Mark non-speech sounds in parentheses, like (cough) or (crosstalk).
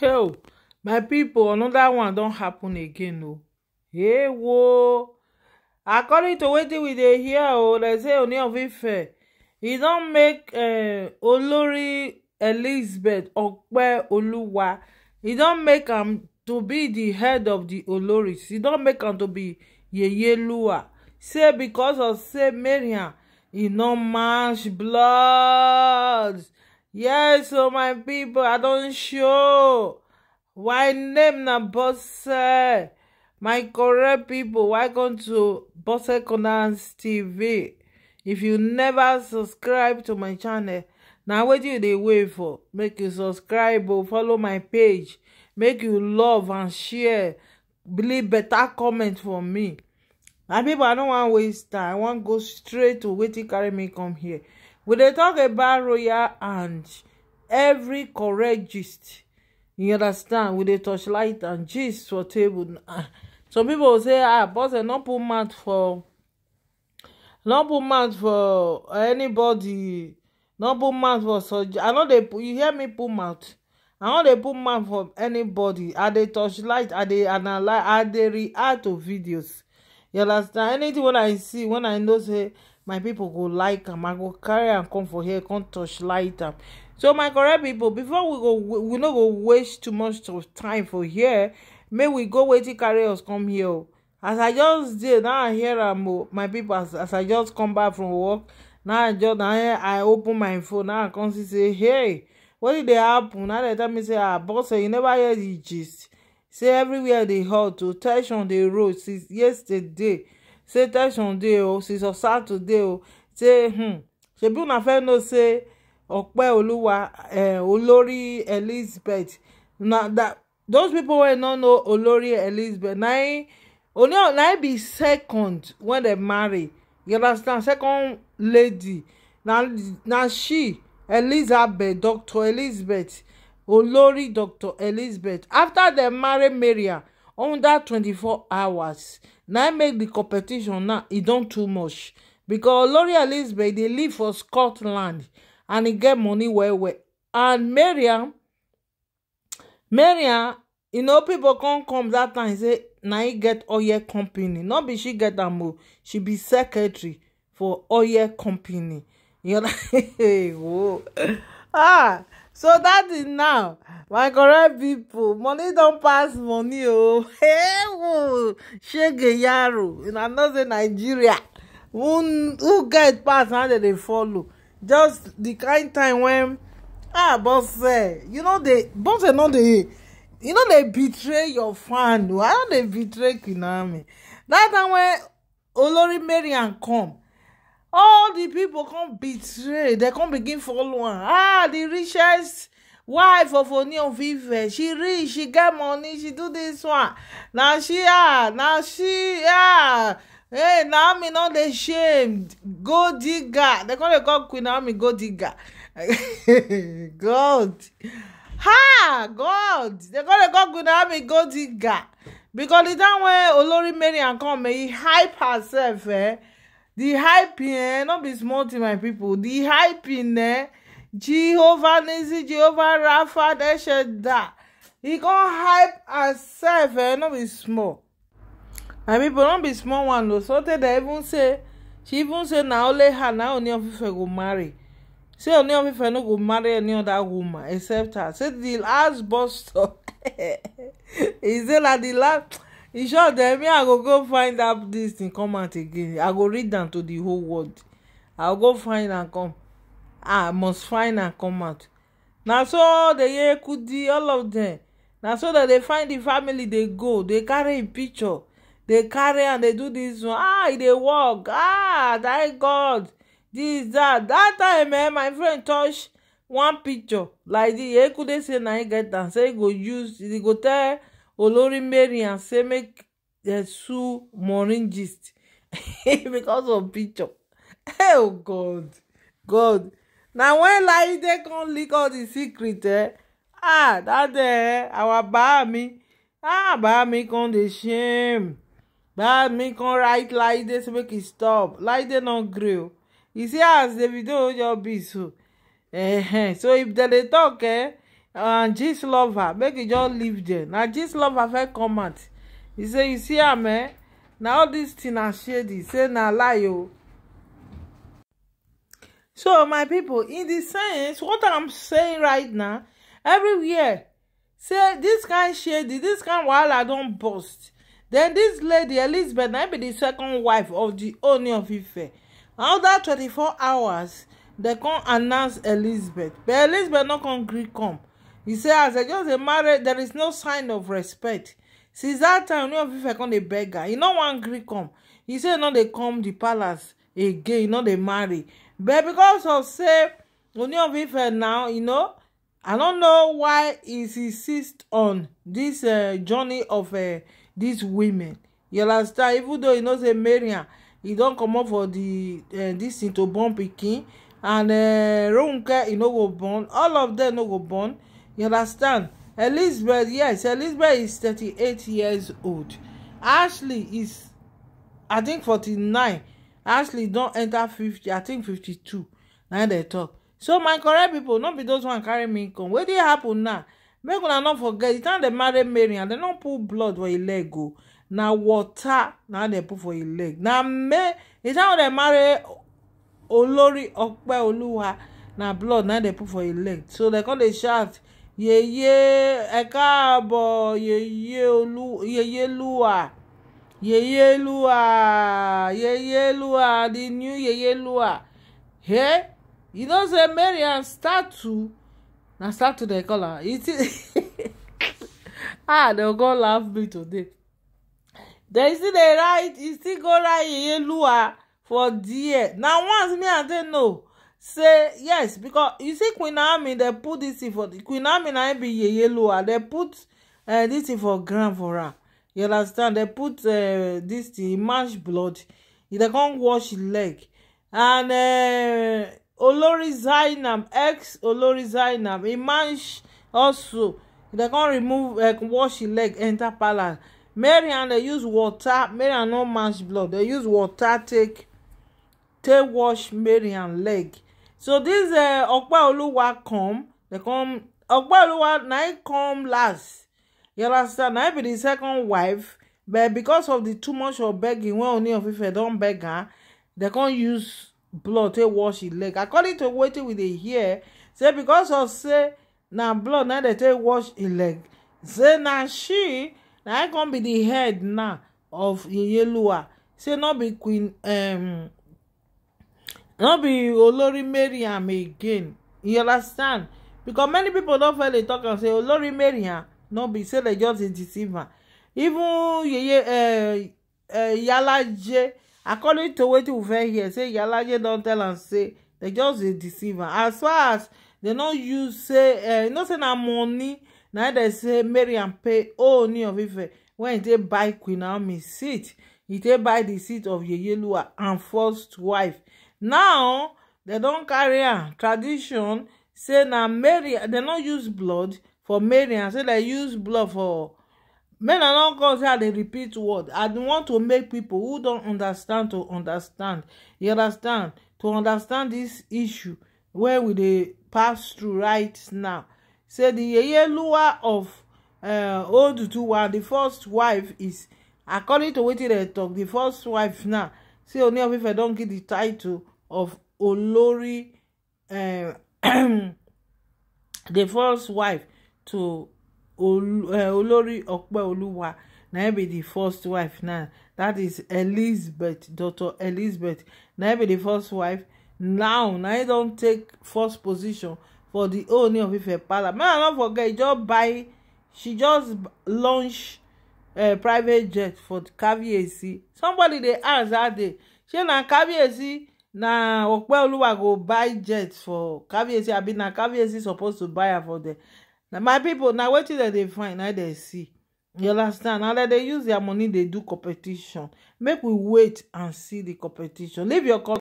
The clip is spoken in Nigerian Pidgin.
hell my pipo anoda one don't happen again o oh. hey whoa! according to what we dey hear oh, like say only of Ife e don make eh, olori elizabeth okpeoluwa He don't make him to be the head of the oloris He don't make him to be yeyelua say because of say mariam he no match blood yes so oh, my people, i don't show why name na bose my correct pipo welcome to bose corners tv if you never subscribe to my channel na wetin you they wait for make you subscribe or oh, follow my page make you love and share leave better comment for me my people, i no wan waste time i wan go straight to waiting. carry me come here we dey talk about royal and every correct gist you understand we dey torchlight and gist for table ah. some people say ah boss dem eh, no put mouth for no put mouth for anybody no put mouth for surgery i no dey you hear me put mouth i no dey put mouth for anybody i dey torchlight i dey analyze i dey react to videos you understand anything wey i see when i know say my people go like am i go carry am come for here come touch light am so my correct people, before we go we no go waste too much of time for here May we go wetin carry us come here as i just dey now i hear am o oh, my people as as i just come back from work now i just now i open my phone now i come see say hey wetin dey happen now dem tell me say ah boss say eh, you never hear the gist say everywhere dey hot o oh, ten sion dey roll since yesterday say tension dey o sisosato dey o say hmm, shebi una fẹ́ know say ọpẹ́olúwa eh, olórí elizabeth na that those people wey no know olórí elizabeth na im onio na im be second when dem marry you understand second lady na na she elizabeth dr elizabeth olórí dr elizabeth after dem marry maria under twenty-four hours na make the competition now e don too much because olori elizabeth dey live for scotland and e get money well well and mariam mariam you know people come come that time say na he get oil company not be she get am o she be secretary for oil company you know (laughs) ah so that is now my correct people, money don pass money oh. o ewu shege yaro una know say nigeria who who get pass How they follow just the kind time when ah boss, eh? you know boss, bosse no dey you know they betray your fan o i no dey betray kinami That time when olori marian come all the people come betray They come begin follow am ah the richest Why wife of onionvive she rich she get money she do this one Now she ah now she ah hey naomi no dey shamed go digger they call dey call queen naomi go digger (laughs) god ha god They call dey call queen naomi go digger because the time when olori mariam come eh, he hype herself eh the hyping eh no be small thing my people the hyping eh jehovah nisi jehovah Rapha, they rafa desheda he gon hype herself eh not be small I mean, but not be small one o so tey dey even say she even say now only her now only of ife go marry say only of ife no go marry any other woman except her say the last buster (laughs) He say na the last he sure dem me i go go find out this thing come out again i go read down to the whole world i go find and come. I ah, must find am come out na so the yekudi all of dem na so dem dey find di family dey go dey carry im picture dey carry am dey do dis one ah e dey work ah thank god dis dat dat time eh my friend touch one picture like di yekude say na im get am say e go use e go tell olori mariam say make dem sue morin gist (laughs) because of picture (laughs) oh god god na wen laide come leak all the secret eh ah that eh our bahami ah bahami come dey shame bahami come write laide say make e stop laide no gree e see as video just be so oh. eh so if dem dey talk eh and gist lover make e just leave there na gist lover first come out e say you see am eh na all dis tin na shady say na lie o oh so my people in the sense what i'm saying right now everywhere say dis kind shady dis kind I don't burst then this lady elizabeth I be the second wife of the Ooni of ife after 24 hours they come announce elizabeth but elizabeth not come gree come e say as dem just married, there is no sign of respect since that time Ooni of ife come dey beggar. her e no wan come e say e no dey come the palace again e no dey marry but because of say Ooni of Ife now you know I don't know why he insist on this uh, journey of uh, these women you understand even though you know say Mariam e don comot for the uh, this thing to born pikin and uh, Ronke He no go born all of them no go born you understand Elizabeth yes Elizabeth is thirty-eight years old Ashley is I think forty-nine ashley don enter 50 i think 52 Now they talk. so my correct people, not be those one carry me income wetin happen now make una not forget di time they marry mary and they no pull blood for im e leg o na water Now they put for im e leg Now may di time they marry olori oluwa Now blood Now they put for im e leg so dem come dey shout Olu. Ye ye. luwa yeyelua yeyelua the new yeyelua hey you know say mariam statue na statue dem call am you see (laughs) ah dem go laugh me today dem still dey write e still go write yeyelua for there na once me and dem know say yes because you see queen naomi dem put dis thing for queen naomi na be yeyelua dem put uh, eh, dis thing for ground for am you understand They put uh, this thing match blood They can't wash leg and uh, olori zainab ex olori zainab im match also They can't remove wash leg enter palace Mary and they use water Mary and no match blood They use water take take wash Mary and leg so this uh, okpa oluwa come They come okpa oluwa na come last you understand na be the second wife but because of the too much of begging when only of ife don't beg her they can't use blood to wash his leg according to wetin we dey hear say because of say now blood now they take wash his leg say now she now I can't be the head now of iyeluwa say not be queen um not be olori mariam again you understand because many pipo don fairly talk and say olori mariam no be say dem just dey deceive am even yeye eh, eh, yalaje according to wetin we fit hear say yalaje don tell am say dem just dey deceive am as far as dem no use say eh, you know say na money na dem say mariam pay Ooni of Ife When e take buy Queen Naomi seat e take buy the seat of yeyelua and first wife now dem don carry am tradition say na mary dem no use blood for Mary, and say dem use blood for men na don come say They repeat word i want to make people who don't understand to understand you understand to understand this issue where we dey pass through right now say di yeyeluwa of old uh, two oduduwa The first wife is according to wetin dem talk. The first wife now See only if I don't get the title of olori uh, (clears throat) The first wife to Olu, uh, eh, Olori Okpeoluwa na be the first wife now that is Elizabeth Dr. Elizabeth na be the first wife now na e don take first position for the owner of Ife Palace may I not forget she just buy she just launch uh, private jet for Kabiyesi somebody dey ask that day shey na Kabiyesi na Okpeoluwa go buy jet for Kabiyesi abi na Kabiyesi suppose to buy am for there na my people, now wetin dem they find Now they see you mm. understand Now dem dey use their money They do competition make we wait and see the competition leave your call.